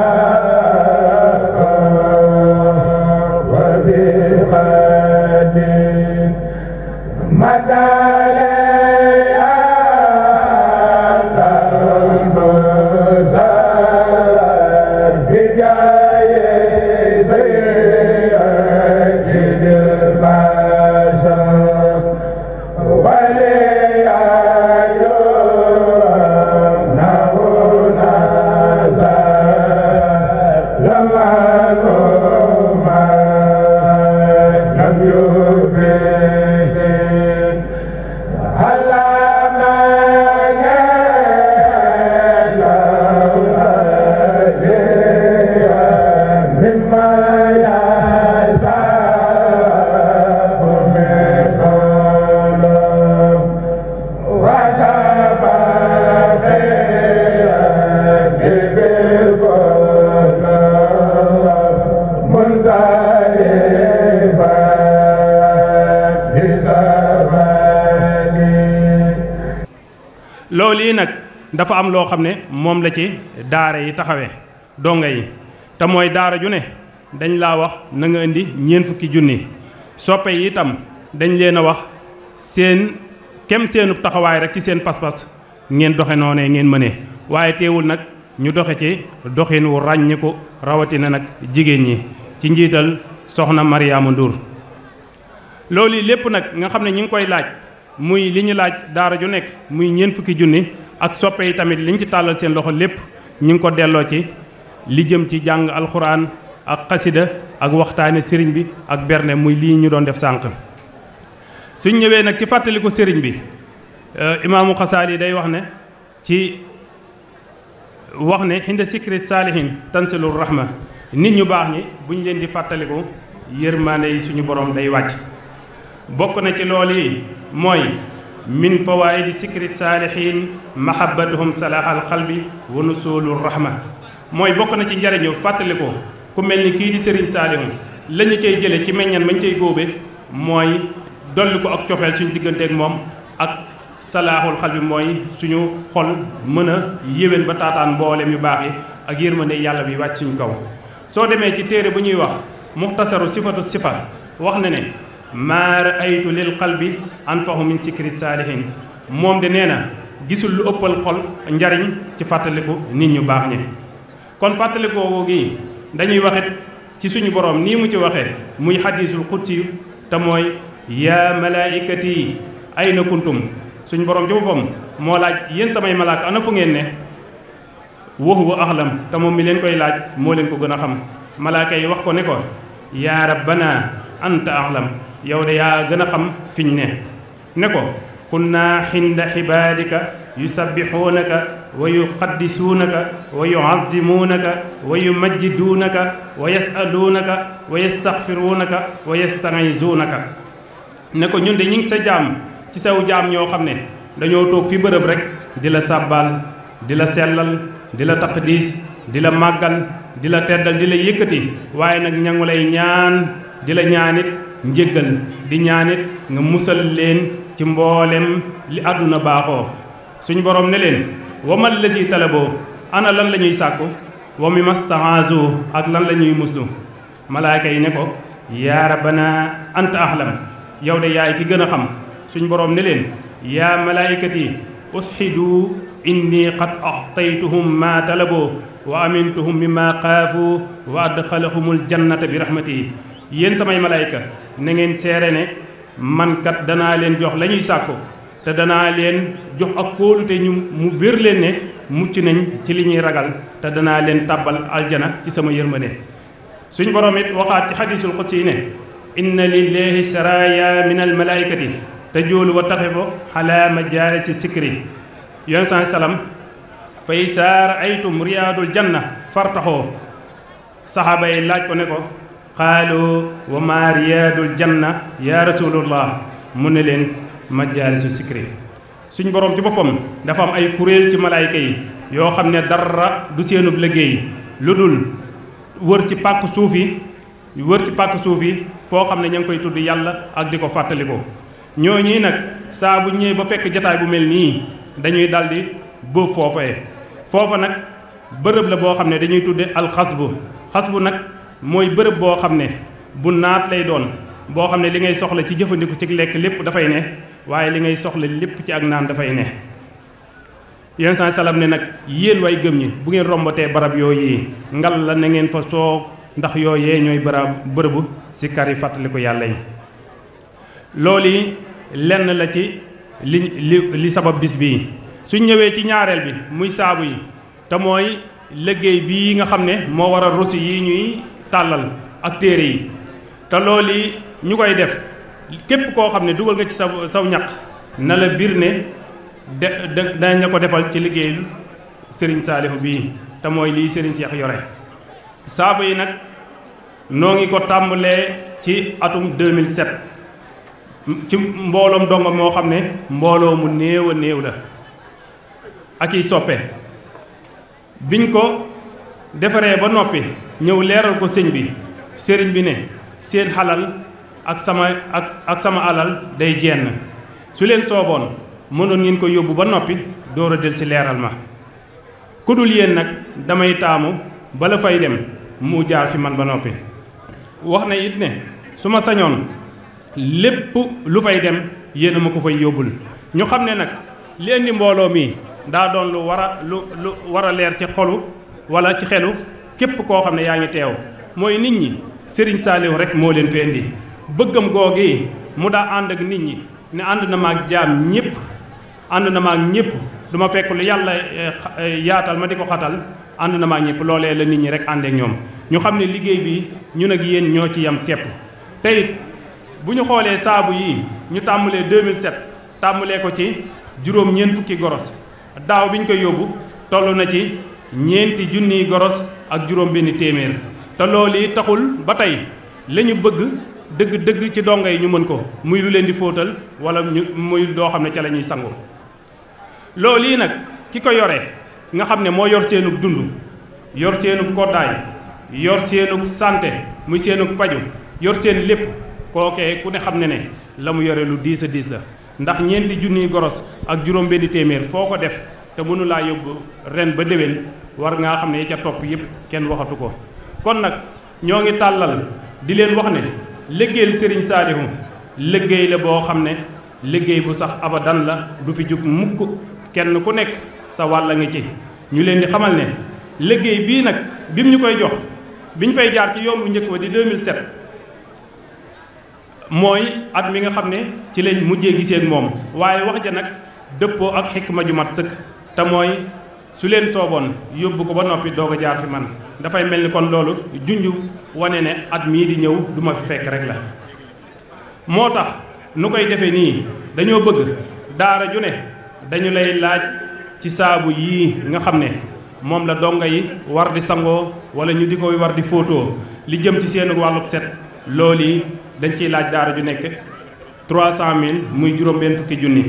Yeah. am loo xam ne moom la ci daara yi taxawe donga yi te mooy daara ju ne dañ laa wax na nga indi ñeent fukki junni soppe yi itam dañ leen a wax seen kem seenub taxawaay rek ci seen pas-pas ngeen doxe noonee ngeen mënee waaye teewul nag ñu doxe ci doxin wu ràññiku rawatina nag jigéen ñi ci njiital soxna Mariama Ndour loolu lépp nag nga xam ne ñu ngi koy laaj muy li ñu laaj daara ju nekk muy ñeent fukki junni ak soppe yi tamit liñ ci tàllal seen loxo lépp ñu ngi ko delloo ci li jëm ci jàng alxuraan ak xasida ak waxtaane sëriñ bi ak berne muy lii ñu doon def sànq suñ ñëwee nag ci fàttaliku sëriñ bi euh, imaamu xasaal yi day wax ne ci wax ne xinda sikri saalihin tansilul rahma nit ñu baax ñi buñ leen di fàttaliku yërmaande yi suñu boroom day wàcc bokk na ci lool yi mooy من فوائد سكر السالحين محبتهم صلاح القلب ونصول الرحمة موي بوكنا تي نجارنيو فاتليكو كو ملني كي دي سيرين سالحين لا ني تي جيلي تي مغنان ما نتي غوبي موي دوليكو اك توفال سين ديغنتك موم اك صلاح القلب موي سونو خول منا ييوين با تاتان بولم يو باخي اك يرمني يالا بي واتي سو ديمي تي تيري بو نيي واخ مختصر صفات الصفات واخ maa raaytu lil qalbi anfahu min sikri saalihin moom de nee na gisul lu ëppal xol njariñ ci fàttaliku nit ñu baax ñi kon fàttalikoo gi dañuy waxit ci suñu borom nii mu ci waxee muy xadiisul xudsi te mooy yaa malaaykati yi ay na kuntum suñu borom ci moo laaj yéen samay malaaka ana fu ngeen ne wa huwa axlam te moom mi leen koy laaj moo leen ko gën a xam malaaka yi wax ko ne ko yaa rabbana anta axlam yow de yaa gën a xam fiñ ne ne ko kunna xinda xibaadika yusabbixuunaka wa yuqaddisuunaka wa yuazimuunaka wa yumajjiduunaka wa yasaluunaka wa yastaxfiruunaka wa yastaxizuunaka ne ko ñun de ñi ngi sa jaam ci saw jaam ñoo xam ne dañoo toog fi bërëb rek di la sàbbaal di la sellal di la taqdiis di la màggal di la teddal di la yëkkati waaye nag ñangu lay ñaan di la ñaanit njëggal di ñaanit nga musal leen ci mboolem li àdduna baaxoo suñ borom ne leen wamal la si talaboo ana lan la ñuy sàkku wa mi mastahaazu ak lan la ñuy muslu malaayka yi ne ko yaa rabbana anta ahlam yow de yaay ki gën a xam suñ borom ne leen yaa malaayikati usxidu inni qad axtaytuhum maa talaboo wa amintuhum mimma xaafu wa adxalahumul jannata bi rahmati yéen samay malayka nangeen seere ne mankat dana leen jox lañuy ñuy te danaa leen jox ak kóolute ñu mu bér leen ne mucc nañ ci li ñuy ragal te danaa leen tàbbal aljana ci sama yërmande suñ boromit waxaat ci xadiisul xudsi yi ne inna lillahi saraya min al te joolu wa ko xalaa majaalisi sikri yon san salam fay saar aytum riyaadul janna fartaxoo saxaaba yi laaj ko ne ko qaalu wa maa riyaadul janna yaa rasulullah mu ne leen majaalisu sikri suñ borom ci boppam dafa am ay kuréel ci malaayka yi yoo xam ne dara du seenub liggéey lu dul wër ci pàkk suuf yi wër ci pàkk suuf yi foo xam ne ña ngi koy tudd yàlla ak di ko fàttali fàttalikoo ñoo ñii nag saabu bu ba fekk jataay bu mel nii dañuy daldi bëof foofa foofa nag bërëb la boo xam ne dañuy tudde alxasbu xasbu nag mooy bërëb boo xam ne bu naat lay doon boo xam ne li ngay soxla ci jëfandiku ci lekk lépp dafay ne waaye li ngay soxla lépp ci ak naan dafay ne yéen saa salaam ne nag yéen way gëm ñi bu ngeen rombatee barab yooyu ngal la na ngeen fa soog ndax yooyee ñooy barab bërëbu si kari fàttaliku yàlla yi loolu yi lenn la ci li li li sabab bis bii suñ ñëwee ci ñaareel bi muy saabu yi te mooy liggéey bii nga xam ne moo war a rosi yi ñuy tàllal ak téere yi te loolu yi ñu koy def képp koo xam ne dugal nga ci sa saw ñaq na la biir ne de dañ nga ko defal ci liggéeyu sëriñ saalihu bii te mooy lii sëriñ Seex yore saabu yi nag noo ngi ko tàmbalee ci atum 2007 ci mbooloom dongo moo xam ne mbooloo mu néew a néew la ak i soppe biñ ko defaree ba noppi ñëw leeral ko sëñ bi sëriñ bi ne seen xalal ak sama ak sama alal day jenn su leen sooboon mënoon ngeen ko yóbbu ba noppi door a del ci leeral ma ku dul yéen nag damay taamu bala fay dem mu jaar fi man ba noppi wax na it ne su ma sañoon lépp lu fay dem yéen a ma ko fay yóbbul ñu xam ne nag li indi mbooloo mi daa doon lu war lu lu war a leer ci xolu wala ci xelu képp koo xam ne yaa ngi teew mooy nit ñi Serigne Saliou rek moo leen fi bëggam googi mu daa ànd ak nit ñi ne ànd na maag jaam ñëpp ànd na maag ñëpp duma fekk lu yàlla eh, eh, yaatal ma di ko xatal ànd na maag ñëpp loolee la nit ñi rek àndeek ñoom ñu xam ne liggéey bi ñu nag yéen ñoo ci yam képp tey bu ñu xoolee saabu yi ñu tàmbalee 2007 tàmbalee ko ci juróom ñeent fukki goros daaw bi ñu koy yóbbu toll na ci ñeenti junniy goros ak juróom benni téeméer te lool yi taxul ba tey lañu bëgg dëgg-dëgg ci dongo yi ñu mën ko muy lu leen di fóotal wala ñu muy doo xam ne ca la ñuy sangu lool yi nag ki ko yore nga xam ne moo yor seenug dund yor seenug koddaay yor seenug santé muy seenug paju yor seen lépp kookee ku ne xam ne ne la mu yore lu diis a diis la ndax ñeenti junniy goros ak juróom benni téeméer foo ko def te mënu yóbbu ren ba déwén war ngaa xam ne ca topp yëpp kenn waxatu ko kon nag ñoo ngi tàllal di leen wax ne liggéeyal sëriñ Saliou liggéey la boo xam ne liggéey bu sax abadan la du fi jug mukk kenn ku nekk sa wàll nga ci ñu leen di xamal ne liggéey bii nag bi mu ñu koy jox biñ fay jaar ci yoon bu njëkk ba di 2007 mooy at mi nga xam ne ci lañ mujjee gisee ak moom waaye wax ja nag dëppoo ak xikma ju mat sëkk te mooy su leen sooboon yóbbu ko ba noppi doog a jaar fi man dafay mel ni kon loolu junj wane ne at mii di ñëw duma fekk rek la moo tax nu koy defee nii dañoo bëgg daara ju ne dañu lay laaj ci saabu yii nga xam ne moom la donga yi war di sangoo wala ñu di koy war di fóotoo li jëm ci seen wàllub set loolu yi dañ ciy laaj daara ju nekk 300000 muy juróom benn fukki junni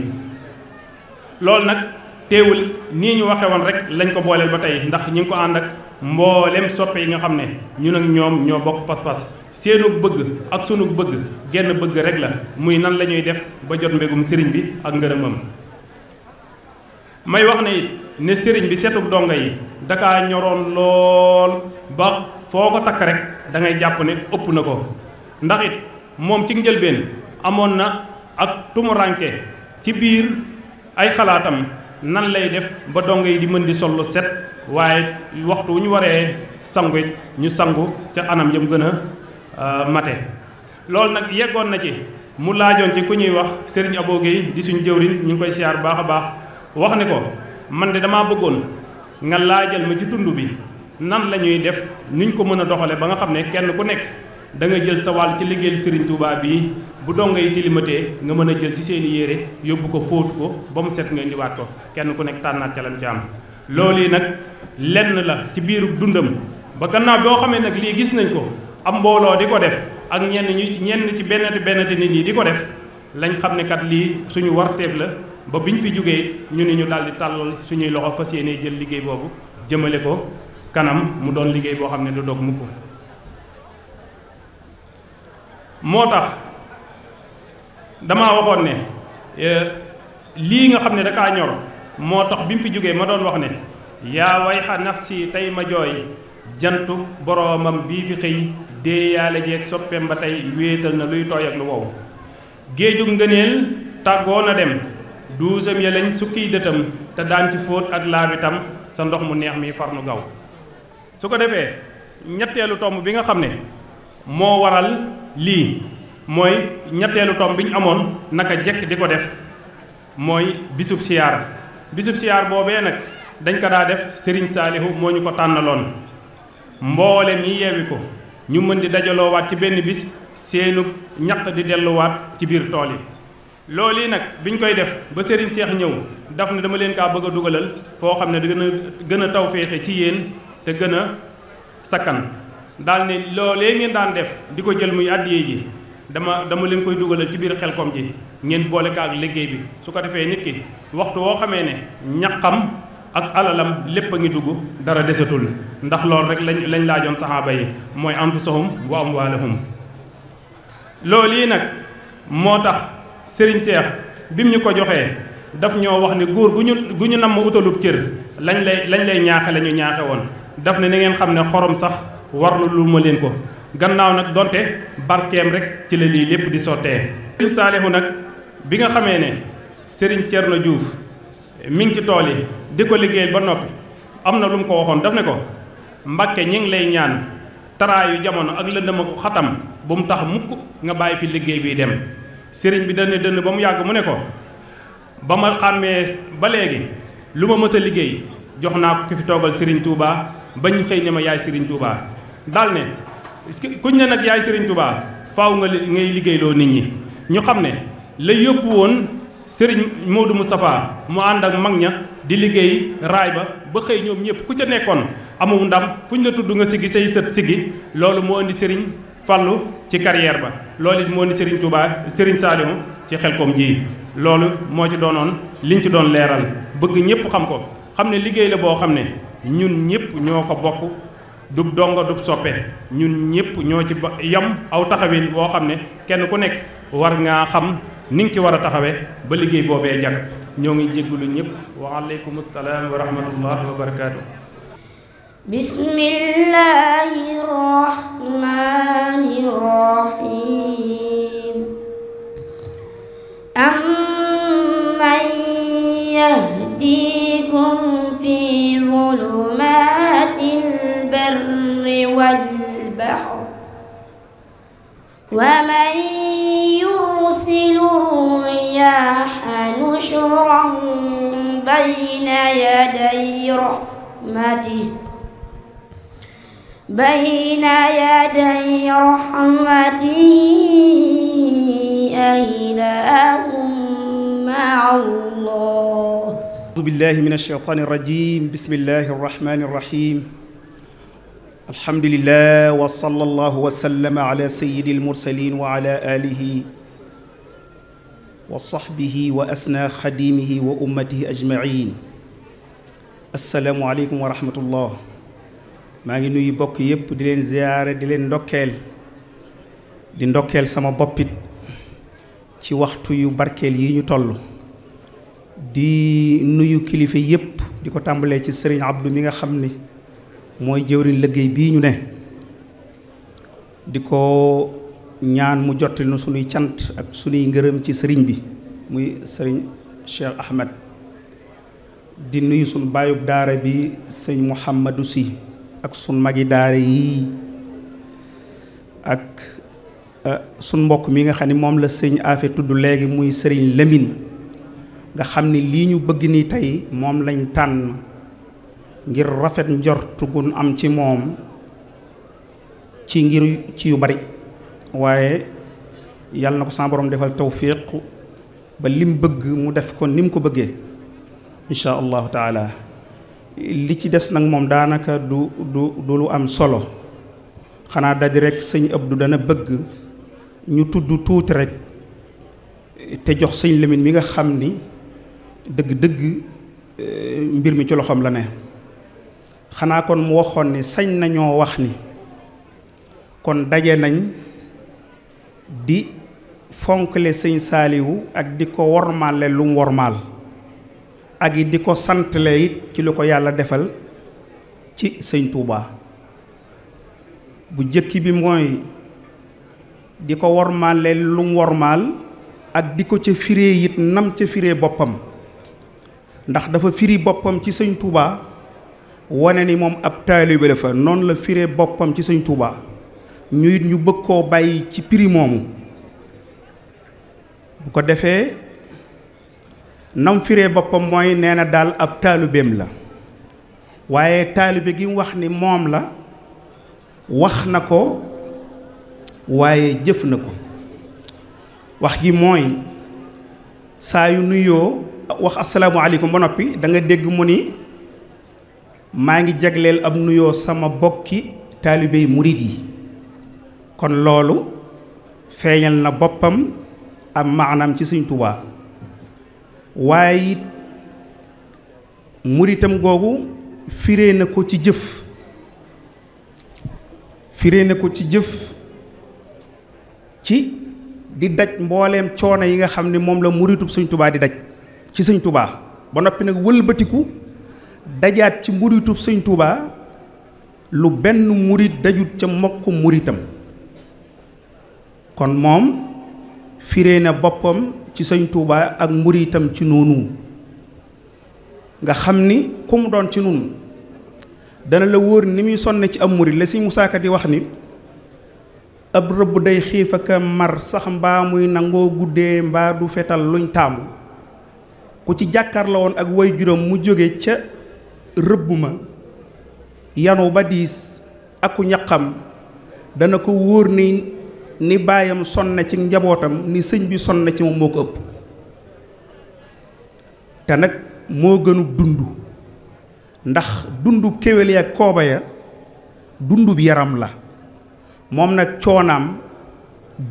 loolu nag teewul nii ñu waxee woon rek lañ ko booleel ba tey ndax ñu ngi ko ànd ak mboolem soppe yi nga xam ne ñu ak ñoom ñoo bokk pas-pas seenu bëgg ak sunu bëgg genn bëgg rek la muy nan la ñuy def ba jot mbégum sëriñ bi ak ngërëmam may wax ne it ne sëriñ bi seetuk donga yi dakaa ñoroon lool ba foo ko takk rek dangay ngay jàpp ne ëpp na ko ndax it moom ci njëlbeen amoon na ak tumuranke ci biir ay xalaatam nan lay def ba dong yi di mën di sol lu set waaye waxtu wu ñu waree sangu ñu sangu ca anam yam gën a euh, mate loolu nag yeggoon na ci mu laajoon ci ku ñuy wax sëriñ Abo Guèye di suñ jëwriñ ñu koy siyaar baax a baax wax ne ko man de damaa bëggoon nga laajal ma ci tund bi nan lañuy ñuy def ñu ko mën a doxale ba nga xam ne kenn ku nekk da nga jël sa wàll ci liggéeyal Serigne Touba yi bu donga yi tilimatee nga mën a jël ci seeni yére yóbbu ko fóotu ko ba mu set nga indiwaat ko kenn ku nekk tànnaat ca lam ci am loolu yi nag lenn la ci biiru dundam ba gannaaw boo xamee nag lii gis nañ ko am mbooloo di ko def ak ñenn ñu ñenn ci bennati bennati nit ñi di ko def lañ xam ne kat lii suñu warteef la ba ñu fi jógee ñu ne ñu daal di tàllal suñuy loxo fas yéene jël liggéey boobu jëmale ko kanam mu doon liggéey boo xam ne du dog mukk moo tax dama waxoon ne eh, lii nga xam ne daka ñor moo tax bi mu fi jógee ma doon wax ne yaa wayxa si tey ma jooy jantu boroomam bii fi xëy déeyaale jeeg soppeem ba tey wéetal na luy tooy ak lu wow géejug ngëneel tàggoo na dem duusam ya lañ sukkiy dëtam te daan ci fóot ak laabitam sa ndox mu neex mi nu gaw su ko defee ñetteelu tomb bi nga xam ne moo waral lii mooy ñetteelu tom bi ñu amoon naka jekk di ko def mooy bisub siyaar bisub siyaar boobee nag dañ ko daa def Serigne Saalihu moo ñu ko tànnaloon mboole yi yeewi ko ñu mën di dajaloowaat ci benn bis seenu ñaq di delluwaat ci biir tool yi loolu yi nag biñ koy def ba Serigne Seex ñëw daf ne dama leen kaa bëgg a dugalal foo xam ne gën a gën a tawféexe ci yéen te gën a sakkan daal ne loolee ngeen daan def di ko jël muy àddiyee ji dama dama leen koy dugalal ci biir Xelkom ji ngeen boole ka ak liggéey bi su ko defee nit ki waxtu woo xamee ne ñaqam ak alalam lépp a ngi dugg dara desetul ndax loolu rek lañ lañ laajoon saxaaba yi mooy anfusahum wa amwaalahum lool yi nag moo tax Serigne Seex bi mu ñu ko joxee daf ñoo wax ne góor gu ñu gu ñu namm utalub cër lañ lay lañ lay ñaaxe lañu ñu ñaaxe woon daf ne na ngeen xam ne xorom sax warlu lu ma leen ko gannaaw nag donte barkeem rek ci la lii lépp di sottee sëriñ saalihu nag bi nga xamee ne sëriñ Thierno na mi ngi ci tool yi di ko liggéey ba noppi am na lu mu ko waxoon daf ne ko Mbàkke ñi ngi lay ñaan taraayu jamono ak ma ko xatam bu mu tax mukk nga bàyyi fi liggéey bi dem sëriñ bi dana dënn ba mu yàgg mu ne ko ba ma xàmmee ba léegi lu ma mës a liggéey jox naa ko ki fi toogal sëriñ Touba ba ñu xëy ne ma yaay sëriñ Touba daal ne kuñ ne nag yaay Serigne Touba faaw nga ngay liggéeyloo nit ñi ñu xam ne la yóbbu woon Serigne Modou Moustapha mu ànd ak mag ña di liggéey raay ba ba xëy ñoom ñëpp ku ca nekkoon amu ndam fu ñu la tudd nga sigi say sët sigi loolu moo indi Serigne Fallou ci carrière ba loolu it moo indi Serigne Touba Serigne Saliou ci xel Xelkom ji loolu moo ci doonoon liñ ci doon leeral bëgg ñëpp xam ko xam ne liggéey la boo xam ne ñun ñëpp ñoo ko bokk. Dub dongo dub soppe ñun ñepp ñoo ci yam aw taxawin bo xamné kenn ku nekk war nga xam ni nga ci wara taxawé ba liggéey bobé jàng ñoo ngi jéggulu ñepp wa alaykum assalam wa rahmatullahi wa barakatuh Bismillahirrahmanirrahim amman yahdikum fi zulumat البر والبحر ومن يرسل الرياح نشرا بين يدي رحمته بين يدي رحمته أإله مع الله أعوذ بالله من الشيطان الرجيم بسم الله الرحمن الرحيم الحمد لله وصلى الله وسلم على سيد المرسلين وعلى آله وصحبه وأسنى خديمه وأمته أجمعين السلام عليكم ورحمة الله ما نوي بوك ييب دي زيارة دي دوكيل دي دوكيل سما بوبيت تي وقتو يو بركيل يي ني تولو دي نوي كليفه ييب ديكو تامبالي سيرين عبد ميغا خامني mooy jëwriñ liggéey bii ñu ne di ko ñaan mu jotti nu suñuy cant ak suñuy ngërëm ci sëriñ bi muy sëriñ Cheikh Ahmed di nuyu suñ bàyyub daara bi sëñ Mouhamadou si ak suñ magi daara yi ak eh, suñ mbokk mi nga xam ne moom la sëñ Afe tudd léegi muy sëriñ Lamine nga xam ni lii ñu bëgg ni tey moom lañ tànn ngir rafet njortu gun am ci moom ci ngir ci yu bari waaye yàlla na ko sama borom defal tawfiq ba lim bëgg mu def ko ni mu ko bëggee insha allahu taala li ci des nag moom daanaka du du du lu am solo xanaa daj rek sëñ du dana bëgg ñu tudd tuuti rek te jox sëñ Lamine mi nga xam ni dëgg-dëgg eh, mbir mi ci loxoom la ne xanaa kon mu waxoon ni sañ nañoo wax ni kon daje nañ di fonkle sëñ saaliwu ak di ko wormaale lu wormaal ak di ko santle ci lu ko yàlla defal ci sëñ bu njëkk bi mooy di ko wormaale lu mu ak di ko ca firee it nam ca firee boppam ndax dafa firi boppam ci sëñ Touba wane ni moom ab taalibe la fa noonu la firee boppam ci sëñ Tuubaa ñu it ñu bëgg koo bàyyi ci prix moomu bu ko defee nam fiire boppam mooy nee na daal ab taalibeem la waaye taalibe gi mu wax ni moom la wax na ko waaye jëf na ko wax gi mooy saa yu nuyoo wax asalaamualeykum ba noppi da nga dégg mu ni maa ngi jagleel ab nuyoo sama bokki taalibey murit yi kon loolu feeñal na boppam am maanaam ci Sëñ Tuubaa waaye it muritam googu firee na ko ci jëf firee na ko ci jëf ci di daj mbooleem coono yi nga xam ne moom la muritub Sëñ tubaa di daj ci Sëñ Tuubaa ba noppi nag wëlbatiku dajaat ci mburitub sëñ Touba lu benn murit dajut ca mbokk muritam kon moom fiire na boppam ci sëñ Touba ak muritam ci noonu nga xam ni ku mu doon ci nun dana la wóor ni muy sonne ci am murit la si Musaa Ka di wax ni ab rëbb day xiif ak mar sax mbaa muy nangoo guddee mbaa du fetal luñ taamu ku ci jàkkaarloo woon ak way juróom mu jóge ca rëbb ma yanu ba diis aku ñaqam dana ko wóor ni ni baayam sonn ci njabootam ni sëñ bi sonn ci moom moo ko ëpp te nag moo gënu dund ndax dundub kéwél ya ak kooba ya dundub yaram la moom nag coonaam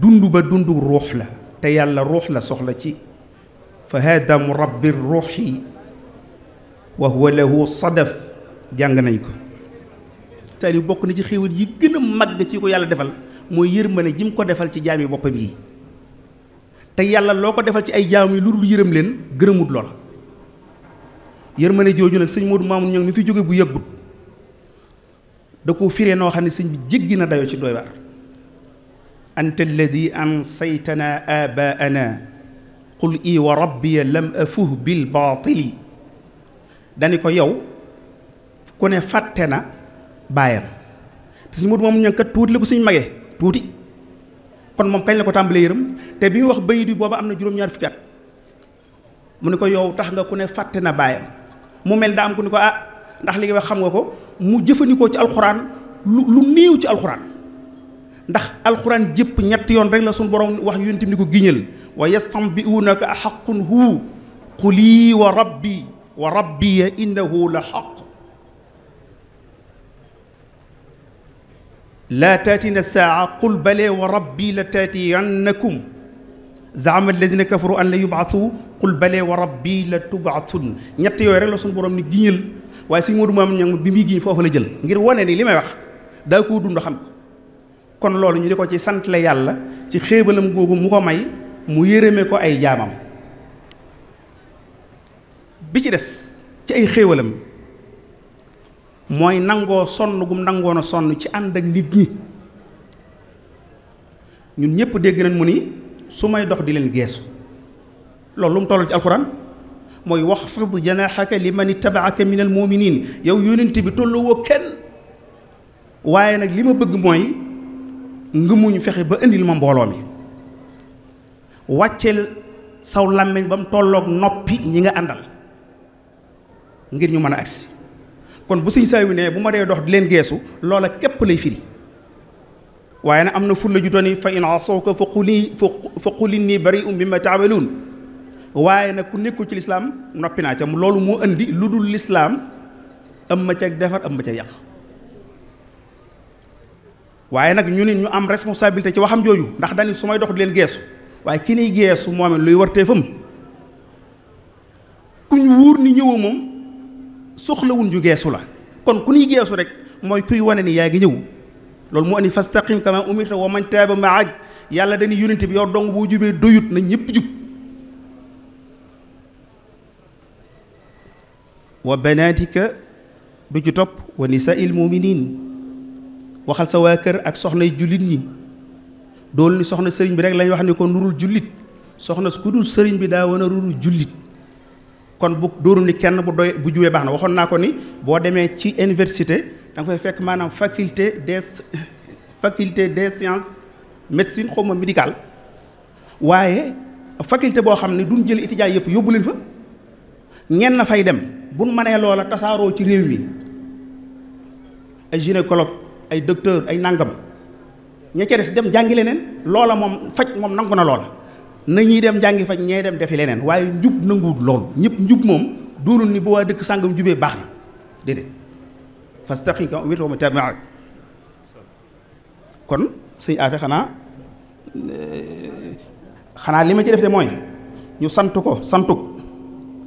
dund ba dundub ruux la te yàlla ruux la soxla ci fa hada murabbi ruuxi وهو له صدف جانغ نانكو تالي بوك نتي خيوات يي گنا ماگ تي كو يالا ديفال موي يرمنا جيم كو ديفال تي جامي بوبام يي تا يالا لوكو ديفال تي اي جامي لول يرم لين گرموت لول يرمنا جوجو نك سيغ مود مامون نيو مي في جوغي بو يگوت دكو فيري نو خاني سيغ بي جيگينا دايو تي دويوار انت الذي انسيتنا اباءنا قل اي وربي لم افه بالباطل dani ko yow ku ne fatte na bayam te suñ mom moom ña kat tuuti la ko suñ kon mom kañ la ko tambale yërëm te bi wax bayit bi amna juroom ñaar fukki mu ne ko yow tax nga ku ne fatte na bayam mu mel da am ku ne ko ah ndax li nga wax xam nga ko mu jëfandikoo ci alquran lu lu néew ci alquran ndax alquran jep ñett yoon rek la sun borom wax yontim ni ko giñal wa haqqun hu quli wa rabbi وربي إنه لحق لا تاتينا الساعة قل بلي وربي لتاتينكم زعم الذين كفروا أن لا يبعثوا قل بلي وربي لتبعثن نيت يوري لا سون بوروم ني غينيل واي سي مودو مام نيام بيمي غي فوفو لا جيل غير واني ني ليماي واخ دا كو دوندو خام كون لولو ني ديكو سي سانت لا يالا سي خيبلم غوغو موكو ماي مو ييرمي كو اي جامام bi ci des ci ay xéewalam mooy nangoo sonn gum nangoon sonn ci ànd ak nit ñi ñun ñëpp dégg nañ mu ni su may dox di leen geesu loolu lu mu tollal ci alxuraan mooy wax waxfid janaxaka li man ittabaaka min al muminin yow yónent bi tolluwoo kenn waaye nag li ma bëgg mooy ngëmuñu fexe ba indil ma mbooloo mi wàcceel saw làmmiñ ba mu tolloog noppi ñi nga àndal ngir ñu mëna aksi kon bu seigne sayu ne bu ma rew dox di len gesu loola kep lay firi waye na amna na fulla ju doon fa in asawka fa quli fa quli nii bari'un mimma ta'malun waye na ku nekkul ci l'islam nopi na ca loolu mo andi lu l'islam lislaam ëm ma ca defar ëm ma ca yàq waye nak ñu ne ñu am responsabilité ci waxam joju ndax dañu sumay dox di len gesu waye kini gesu momen luy moom fam ku ñu wuur ni ñëwu mom soxlawun ju geesu la kon ku ñuy geesu rek mooy kuy wone ni yaa ngi ñëw loolu moo andi fastaqim kama umirta wa man taaba maak yàlla dañuy yónente bi yow dong boo jubee doyut na ñëpp jub wa banaatika du ci topp wa nisaa'il mu'minin waxal sa waa kër ak soxnay jullit ñi dool ni soxna sëriñ bi rek lañ wax ni ko nurul jullit soxna ku dul sëriñ bi daa wan a jullit kon bu dóoru ni kenn bu doy bu juwee baax na waxoon naa ko ni boo demee ci université danga nga fay fekk maanaam faculté des faculté des sciences médecine xaw ma médical waaye faculté boo xam ne duñ jël étudiants yëpp yóbbu leen fa ñenn na fay dem buñ mënee loola tasaaroo ci réew mi ay gynécologue ay docteur ay nangam ña ca des dem jàngi leneen loola moom faj moom nangu na loola na ñuy dem jàngi fa ñee dem defi leneen waaye njub nanguwut lool ñëpp njub moom doonul ni bu waa dëkk sàngam jubee baax na déedéet fastaqim kamaa umirta wa man ak kon sëñ Afe xanaa euh, xanaa li ma ci def de mooy ñu sant ko santuk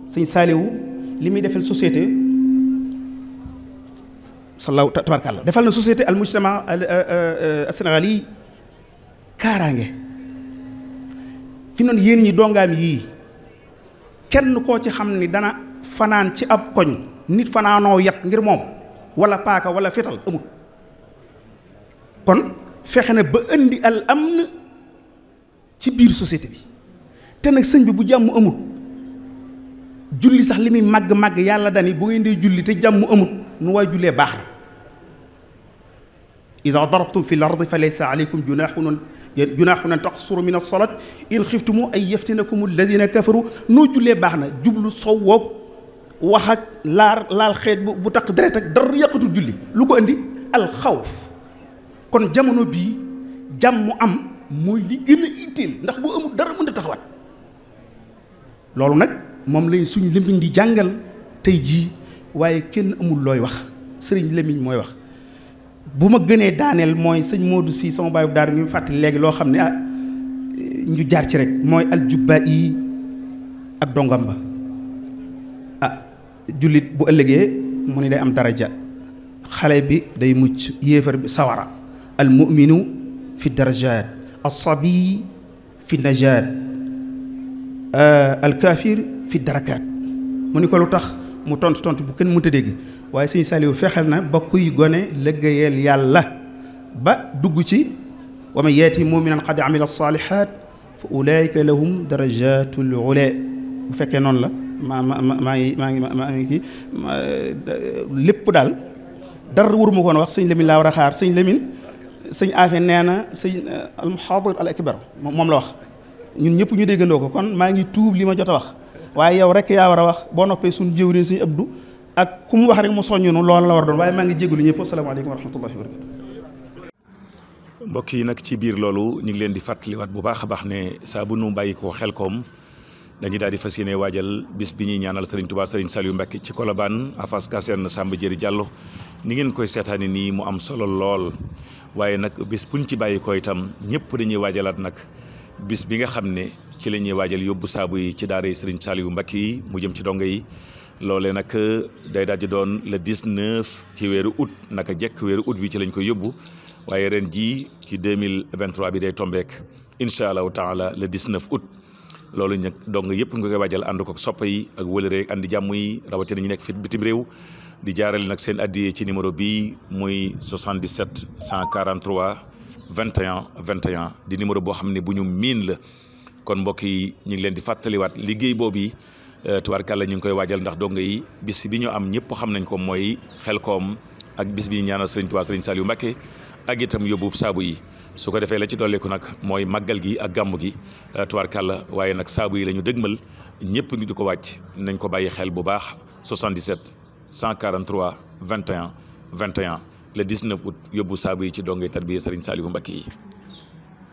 sëñ Saaliwu li muy defal société salaaw tabarkàlla defal na société al mujtama euh, euh, al sénégal yi kaaraange fi non yéen ñi dongaam yi kenn ko ci xamni dana fanaan ci ab koñ nit fanaanoo yat ngir mom wala paaka wala fetal amut kon fexena ba indi al amn ci biir société bi te nag sëñ bi bu jàmm amut julli sax li muy màgg màgg yàlla dani bu ngeen dee julli te jàmm amut nu way jullee baax na ida darabtum fi l ardi fa laysa جناح ان تقصر من الصلاه ان خفتم ان يفتنكم الذين كفروا نو جولي باخنا جوبلو صووك وخك لار لال خيت بو تقدرتك در يقتو جولي لوكو اندي الخوف كون جامونو بي جامو ام موي لي غينا ايتيل ناخ بو امو دار من تخوات لولو نك موم لاي سوني لمبين دي جانغال تايجي واي كين امول لوي واخ سيرين لمبين موي واخ buma gëné gënee moy seigne Modou si sama bayu bu ñu fatte légui lo xamné ñu jaar ci rek moy al jubba'i ak dongam ba ah julit bu ëllëgé mu ni day am daraja xale bi day mucc yéfer bi sawara al muminu fi darajat as-sabi fi najat al kafir fi darakat mu ni ko lutax mu tont tont bu kenn mënta dégg waaye sëñ Saliou fexel na ba kuy gone liggéeyal yàlla ba dugg ci wa man yaati muminan qad amila salihat fa ulaika lahum darajatul ula bu fekkee noonu la ma ma ma ngi ma ngi maa ngi kii lépp daal dara wur ma koon wax sëñ Lamine laa war a xaar sëñ Lamine sëñ Afe nee na sëñ al muhadir al akbar moom la wax ñun ñëpp ñu déggandoo ko kon maa ngi tuub li ma jot a wax waaye yow rek yaa war a wax boo noppee suñu jëwriñ suñu abdu ak ku mu wax rek mu soññu nu loolu la war doon waaye maa ngi jégalu ñëpp asalaamaaleykum wa rahmatullahi wa barakatu yi nag ci biir loolu ñu ngi leen di fàttaliwaat bu baax a baax ne saa bu nu bàyyi ko xel dañu daal di fas yéene waajal bis bi ñuy ñaanal Serigne Touba Serigne Saliou Mbacké ci Colobane en face caserne Samba Diéry ni ngeen koy seetaani nii mu am solo lool waaye nag bis buñ ci bàyyi itam ñëpp dañuy waajalaat nag bis bi nga xam ne ci la ñuy waajal yóbbu saabu yi ci daara yi sëriñ Saliou Mbacké yi mu jëm ci dongo yi loolee nag day daal doon doon le 19 ci weeru août naka jekk weeru août bi ci lañ koy yóbbu waaye ren jii ci 2023 bi day tombeek incha allahu taala le 19 août loolu nag dongo yëpp nga koy waajal ànd ko soppa yi ak wëlëre ak jàmm yi rawatina ñu nekk fi bitim réew di jaarale nag seen addiye ci numéro bi muy 77 143 21 21 di numéro boo xam ne bu ñu miin la kon mbokk yi ñu ngi leen di fàttaliwaat liggéey boobu yi euh, tubaarkàlla ñu ngi koy waajal ndax donga yi bis bi ñu am ñëpp xam nañ ko mooy xel Xelkom ak bis bi ñaanal sëriñ Tuubaa yu Saliou Mbacké ak itam yóbbu saabu yi su ko defee la ci dolliku nag mooy màggal gi ak gàmmu gi euh, tubaarkàlla waaye nag saabu yi la ñu ñëpp ngi di ko wàcc nañ ko bàyyi xel bu baax 77 143 21 21 le 19 août yóbbu saabu yi ci donge tarbiya Serigne Saliou Mbacké yi